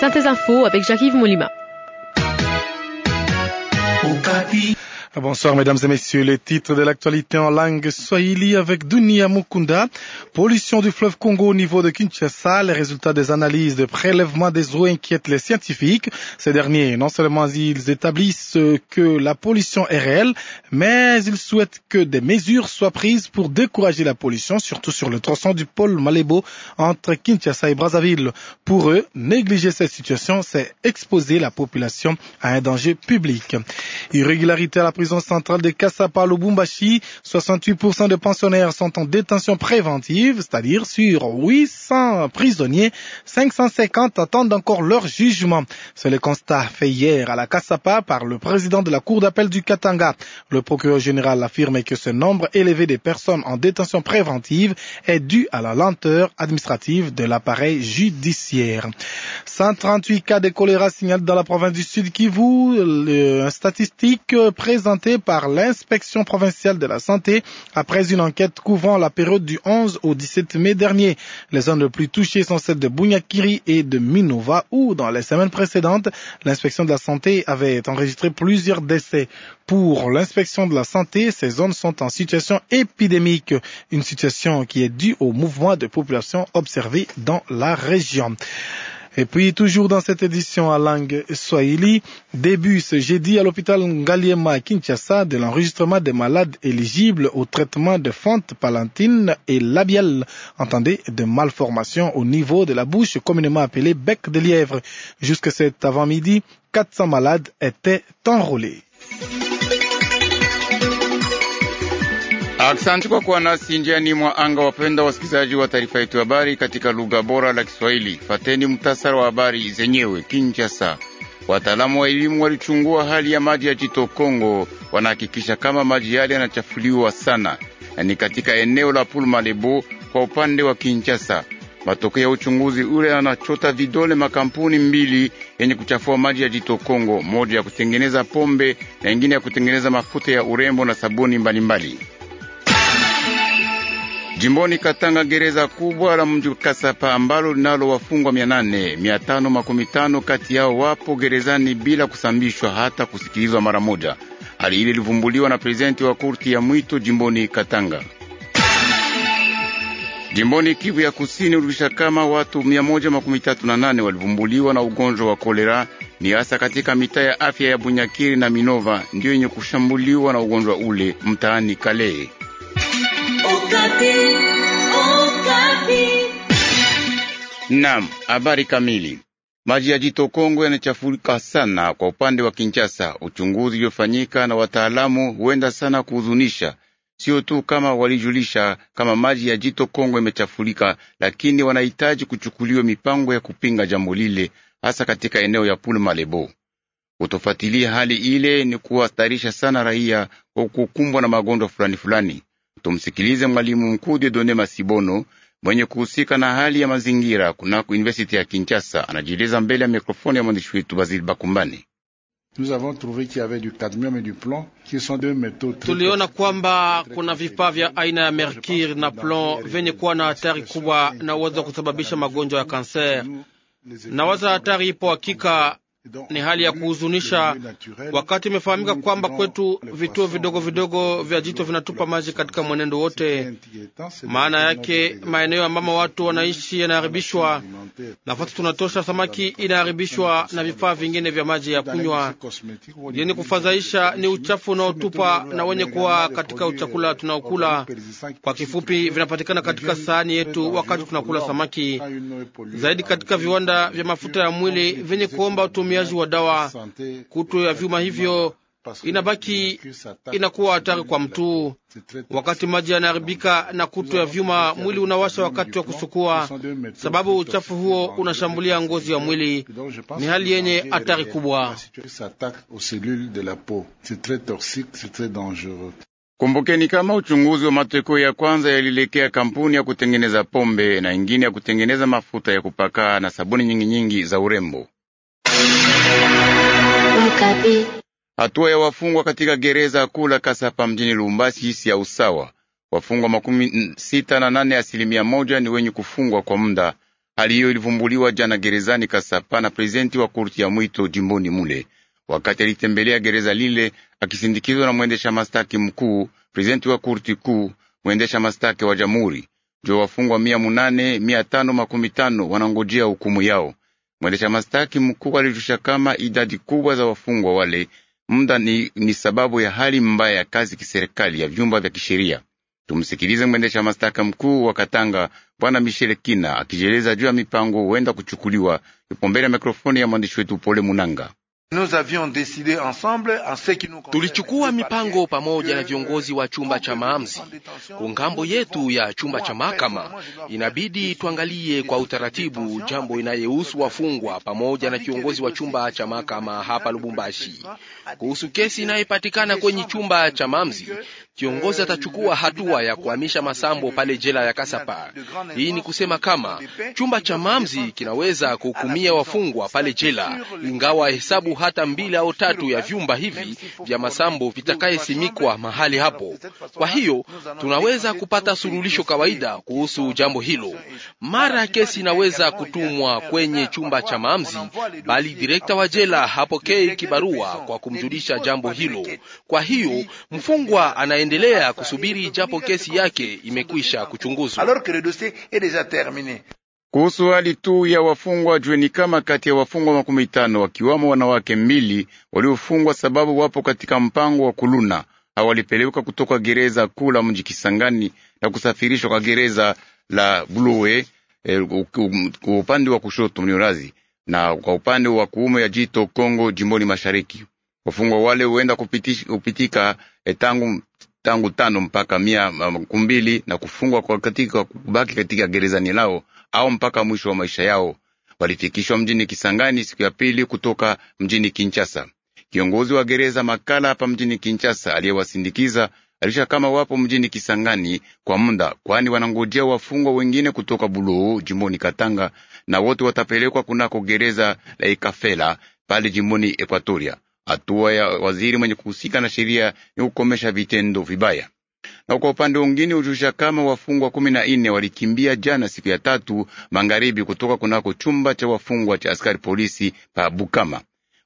Synthèse Info avec Jacques-Yves Molima. Bonsoir mesdames et messieurs, les titres de l'actualité en langue swahili avec Dunia Mukunda. Pollution du fleuve Congo au niveau de Kinshasa, les résultats des analyses de prélèvement des eaux inquiètent les scientifiques. Ces derniers, non seulement ils établissent que la pollution est réelle, mais ils souhaitent que des mesures soient prises pour décourager la pollution, surtout sur le tronçon du pôle Malébo entre Kinshasa et Brazzaville. Pour eux, négliger cette situation, c'est exposer la population à un danger public. Irrégularité à la prison centrale de Kassapa Lubumbashi, 68% des pensionnaires sont en détention préventive, c'est-à-dire sur 800 prisonniers, 550 attendent encore leur jugement. C'est le constat fait hier à la Kassapa par le président de la Cour d'appel du Katanga. Le procureur général affirme que ce nombre élevé des personnes en détention préventive est dû à la lenteur administrative de l'appareil judiciaire. 138 cas de choléra signalés dans la province du Sud Kivu. Le euh, statistique euh, présentées par l'inspection provinciale de la santé après une enquête couvrant la période du 11 au 17 mai dernier. Les zones les plus touchées sont celles de Bunyakiri et de Minova où, dans les semaines précédentes, l'inspection de la santé avait enregistré plusieurs décès. Pour l'inspection de la santé, ces zones sont en situation épidémique, une situation qui est due au mouvement de population observé dans la région. Et puis, toujours dans cette édition à langue swahili, début ce jeudi à l'hôpital Ngaliema à Kinshasa de l'enregistrement des malades éligibles au traitement de fente palatine et labiale. Entendez, de malformations au niveau de la bouche, communément appelée bec de lièvre. Jusque cet avant-midi, 400 malades étaient enrôlés. Asante kwa kuwa nasi njiani mwa anga, wapenda wasikilizaji wa taarifa yetu habari katika lugha bora la Kiswahili. Fateni mtasara wa habari zenyewe. Kinshasa, wataalamu wa elimu walichungua hali ya maji ya Jito Kongo, wanahakikisha kama maji yale yanachafuliwa sana na ni katika eneo la Pulmalebo kwa upande wa Kinshasa. Matokeo ya uchunguzi ule yanachota vidole makampuni mbili yenye kuchafua maji ya Jito Kongo, moja ya kutengeneza pombe na ingine ya kutengeneza mafuta ya urembo na sabuni mbalimbali mbali. Jimboni Katanga, gereza kubwa la mji Kasapa ambalo linalo wafungwa mia nane mia tano makumi tano kati yao wapo gerezani bila kusambishwa hata kusikilizwa mara moja. Hali ile ilivumbuliwa na prezidenti wa kurti ya mwito jimboni Katanga. Jimboni Kivu ya Kusini ulivisha kama watu mia moja makumi tatu na nane walivumbuliwa na ugonjwa wa kolera, ni hasa katika mitaa ya afya ya Bunyakiri na Minova ndiyo yenye kushambuliwa na ugonjwa ule mtaani Kalehe. Naam, habari kamili. Maji ya jito Kongo yanachafurika sana kwa upande wa Kinshasa. Uchunguzi uliofanyika na wataalamu huenda sana kuhuzunisha, sio tu kama walijulisha kama maji ya jito Kongo imechafulika, lakini wanahitaji kuchukuliwa mipango ya kupinga jambo lile, hasa katika eneo ya pul malebo Kutofuatilia hali ile ni kuhatarisha sana raia kwa kukumbwa na magonjwa fulani fulani. Tumsikilize mwalimu mkuu Dieudonne Masibono mwenye kuhusika na hali ya mazingira kunako University ya Kinshasa, anajieleza mbele ya mikrofoni ya mwandishi wetu Basil Bakumbani. Tuliona kwamba kuna vifaa vya aina ya merkure na plon vyenye kuwa na hatari kubwa na uwezo wa kusababisha magonjwa ya kanser. Nawaza hatari ipo hakika, ni hali ya kuhuzunisha wakati imefahamika kwamba kwetu vituo vidogo vidogo vya jito vinatupa maji katika mwenendo wote. Maana yake maeneo ambamo watu wanaishi yanaharibishwa, nafasi tunatosha samaki inaharibishwa na vifaa vingine vya maji ya kunywa. Yenye kufadhaisha ni uchafu unaotupa na wenye kuwa katika uchakula tunaokula. Kwa kifupi, vinapatikana katika sahani yetu wakati tunakula samaki, zaidi katika viwanda vya mafuta ya mwili vyenye kuomba utumiaji wa dawa. Kuto ya vyuma hivyo inabaki inakuwa hatari kwa mtu. Wakati maji yanaharibika na kuto ya vyuma, mwili unawasha wakati wa kusukua, sababu uchafu huo unashambulia ngozi ya mwili. Ni hali yenye hatari kubwa. Kumbukeni kama uchunguzi wa matokeo ya kwanza yalielekea kampuni ya kutengeneza pombe na ingine ya kutengeneza mafuta ya kupaka na sabuni nyingi nyingi za urembo. Hatua ya wafungwa katika gereza kuu la Kasapa mjini Lumbasi hisi ya usawa. Wafungwa makumi sita na nane asilimia moja ni wenye kufungwa kwa muda. Hali hiyo ilivumbuliwa jana gerezani Kasapa na prezidenti wa kurti ya mwito jimboni mule, wakati alitembelea gereza lile akisindikizwa na mwendesha mastaki mkuu, prezidenti wa kurti kuu, mwendesha mastaki wa jamhuri. Jo, wafungwa mia munane mia tano makumi tano wanangojea hukumu yao. Mwendesha mastaki mkuu alijulisha kama idadi kubwa za wafungwa wale muda ni, ni sababu ya hali mbaya ya kazi kiserikali ya vyumba vya kisheria. Tumsikilize mwendesha mastaka mkuu wa Katanga Bwana Michele Kina akijieleza juu ya mipango huenda kuchukuliwa. Yupo mbele ya mikrofoni ya mwandishi wetu Pole Munanga. Tulichukua mipango pamoja na viongozi wa chumba cha maamuzi. Ngambo yetu ya chumba cha mahakama, inabidi tuangalie kwa utaratibu jambo inayohusu wafungwa pamoja na kiongozi wa chumba cha mahakama hapa Lubumbashi, kuhusu kesi inayopatikana kwenye chumba cha maamuzi kiongozi atachukua hatua ya kuhamisha Masambo pale jela ya Kasapa. Hii ni kusema kama chumba cha mamzi kinaweza kuhukumia wafungwa pale jela, ingawa hesabu hata mbili au tatu ya vyumba hivi vya Masambo vitakayesimikwa mahali hapo. Kwa hiyo tunaweza kupata suluhisho kawaida kuhusu jambo hilo. Mara kesi inaweza kutumwa kwenye chumba cha maamzi, bali direkta wa jela hapokei kibarua kwa kumjulisha jambo hilo. Kwa hiyo mfungwa ana anaendelea kusubiri japo kesi yake imekwisha kuchunguzwa. Kuhusu hali tu ya wafungwa jueni kama kati ya wafungwa makumi tano wakiwamo wanawake mbili waliofungwa sababu wapo katika mpango wa kuluna walipelekwa kutoka gereza kuu la mji Kisangani na kusafirishwa kwa gereza la Bluwe eh, kwa upande wa kushoto mniorazi na kwa upande wa kuume ya jito Kongo jimboni mashariki. Wafungwa wale huenda kupitika eh, tangu tangu tano mpaka mia makumi mbili na kufungwa kwa katika kubaki katika gerezani lao au mpaka mwisho wa maisha yao. Walifikishwa mjini Kisangani siku ya pili kutoka mjini Kinchasa. Kiongozi wa gereza Makala hapa mjini Kinchasa aliyewasindikiza alisha kama wapo mjini Kisangani kwa muda, kwani wanangojea wafungwa wengine kutoka Buluu jimboni Katanga, na wote watapelekwa kunako gereza la Ikafela pale jimboni Ekwatoria. Hatua ya waziri mwenye kuhusika na sheria ni kukomesha vitendo vibaya. Na kwa upande mwingine ujusha kama wafungwa kumi na nne walikimbia jana siku ya tatu magharibi kutoka kunako chumba cha wafungwa cha askari polisi pa Bukama.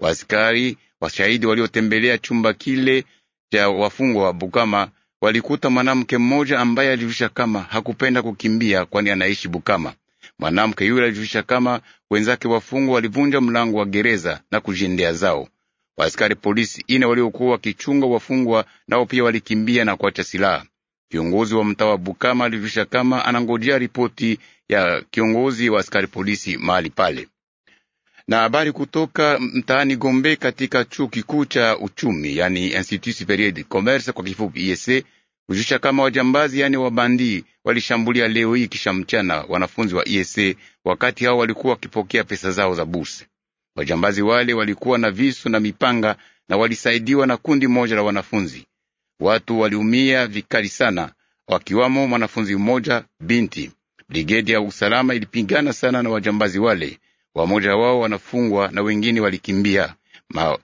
Waaskari washahidi waliotembelea chumba kile cha wafungwa wa Bukama walikuta mwanamke mmoja ambaye alijusha kama hakupenda kukimbia, kwani anaishi Bukama. Mwanamke yule alijusha kama wenzake wafungwa walivunja mlango wa gereza na kujiendea zao. Waaskari polisi ine waliokuwa wakichunga wafungwa nao pia walikimbia na kuacha silaha. Kiongozi wa mtaa wa Bukama alivisha kama anangojea ripoti ya kiongozi wa askari polisi mahali pale. Na habari kutoka mtaani Gombe katika chuo kikuu cha uchumi, yani Institut Superieur de Commerce kwa kifupi ISC, kujusha kama wajambazi, yani wabandi walishambulia leo hii kisha mchana wanafunzi wa ISC wakati hao walikuwa wakipokea pesa zao za busi. Wajambazi wale walikuwa na visu na mipanga na walisaidiwa na kundi moja la wanafunzi. Watu waliumia vikali sana, wakiwamo mwanafunzi mmoja binti. Brigedi ya usalama ilipigana sana na wajambazi wale, wamoja wao wanafungwa na wengine walikimbia. Ma,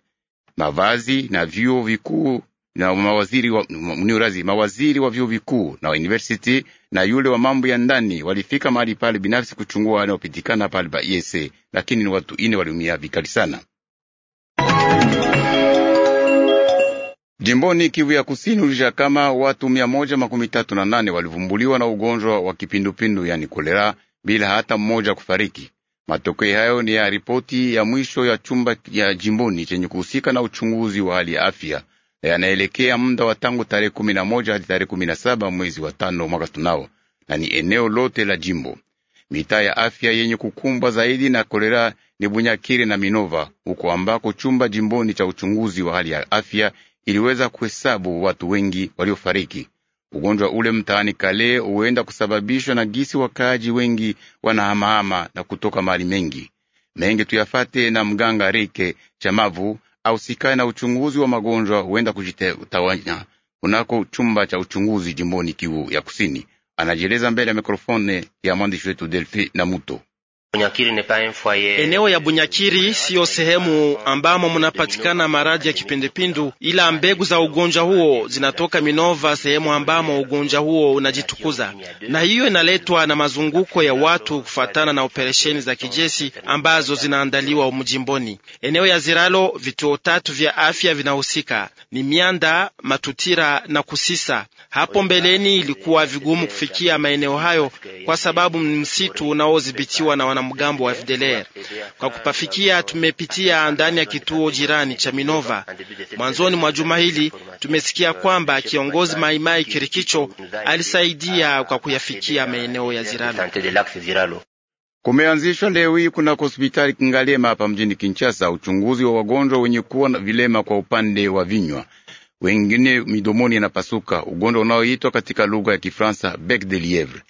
mavazi na vyuo vikuu na mawaziri wa, mniurazi, mawaziri wa vyuo vikuu na wa university na yule wa mambo ya ndani walifika mahali pale binafsi kuchungua wanaopitikana pale pa ESA, lakini ni watu ine waliumia vikali sana. Jimboni Kivu ya Kusini ulisha kama watu mia moja makumi tatu na nane walivumbuliwa na ugonjwa wa kipindupindu yani kolera bila hata mmoja kufariki. Matokeo hayo ni ya ripoti ya mwisho ya chumba ya jimboni chenye kuhusika na uchunguzi wa hali ya afya yanaelekea muda wa tangu tarehe kumi na moja hadi tarehe kumi na saba mwezi wa tano mwaka tunao, na ni eneo lote la jimbo. Mitaa ya afya yenye kukumbwa zaidi na kolera ni Bunyakiri na Minova, huko ambako chumba jimboni cha uchunguzi wa hali ya afya iliweza kuhesabu watu wengi waliofariki. Ugonjwa ule mtaani Kale huenda kusababishwa na gisi wakaaji wengi wanahamahama na kutoka mali mengi mengi. Tuyafate na mganga Rike Chamavu ausikae na uchunguzi wa magonjwa huenda kujitawanya kunako chumba cha uchunguzi jimboni Kivu ya Kusini. Anajieleza mbele ya mikrofone ya mwandishi wetu Delfi na Muto. Eneo ya Bunyakiri siyo sehemu ambamo munapatikana maradhi ya kipindupindu, ila mbegu za ugonjwa huo zinatoka Minova, sehemu ambamo ugonjwa huo unajitukuza, na hiyo inaletwa na mazunguko ya watu kufatana na operesheni za kijeshi ambazo zinaandaliwa mjimboni. Eneo ya Ziralo, vituo tatu vya afya vinahusika ni Mianda, Matutira na Kusisa. Hapo mbeleni ilikuwa vigumu kufikia maeneo hayo kwa sababu ni msitu unaodhibitiwa na wanamgambo wa FDLR. Kwa kupafikia, tumepitia ndani ya kituo jirani cha Minova. Mwanzoni mwa juma hili tumesikia kwamba kiongozi Maimai Kirikicho alisaidia kwa kuyafikia maeneo ya Ziralo. Kumeanzishwa leo hii kunako hospitali Kingalema hapa mjini Kinshasa uchunguzi wa wagonjwa wenye kuwa na vilema kwa upande wa vinywa wengine midomoni yanapasuka, ugonjwa unaoitwa katika lugha ya Kifransa bec de lievre.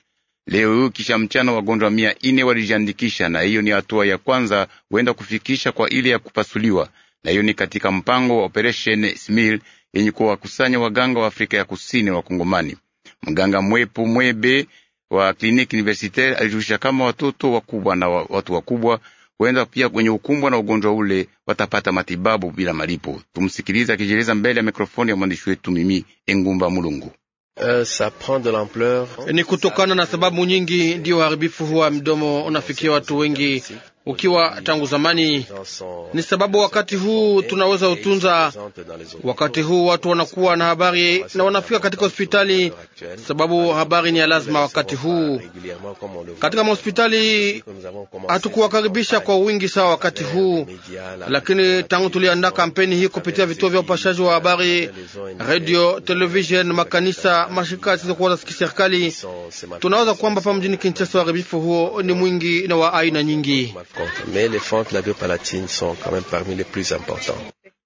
Leo kisha mchana wagonjwa mia ine walijiandikisha, na hiyo ni hatua ya kwanza huenda kufikisha kwa ile ya kupasuliwa, na hiyo ni katika mpango wa Operation Smile yenye kuwakusanya waganga wa Afrika ya Kusini wa Kongomani. Mganga Mwepu Mwebe wa kliniki universitaire alijulisha kama watoto wakubwa na watu wakubwa huenda pia wenye ukumbwa na ugonjwa ule watapata matibabu bila malipo. Tumsikilize akijieleza mbele ya mikrofoni ya mwandishi wetu mimi Engumba Mulungu. Euh, ni kutokana na sababu nyingi ndiyo uharibifu huwa mdomo unafikia watu wengi ukiwa tangu zamani. Ni sababu wakati huu tunaweza utunza, wakati huu watu wanakuwa na habari na wanafika katika hospitali, sababu habari ni ya lazima wakati huu. Katika mahospitali hatukuwakaribisha kwa wingi sawa wakati huu, lakini tangu tuliandaa kampeni hii kupitia vituo vya upashaji wa habari, radio, televishen, makanisa, mashirika yasizokuwa za kiserikali, tunaweza kwamba pa mjini Kinshasa uharibifu huo ni mwingi na wa aina nyingi compte, mais les fentes de la grippe sont quand même parmi les plus importants.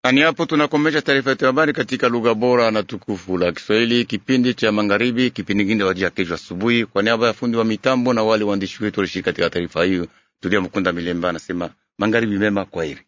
Ani hapo tunakomesha taarifa yetu ya habari katika lugha bora na tukufu la Kiswahili, kipindi cha magharibi. Kipindi kingine wajia kesho asubuhi. Kwa niaba ya fundi wa mitambo na wale waandishi wetu walishiriki katika taarifa hiyo, Tulia Mkunda Milemba anasema magharibi mema, kwa heri.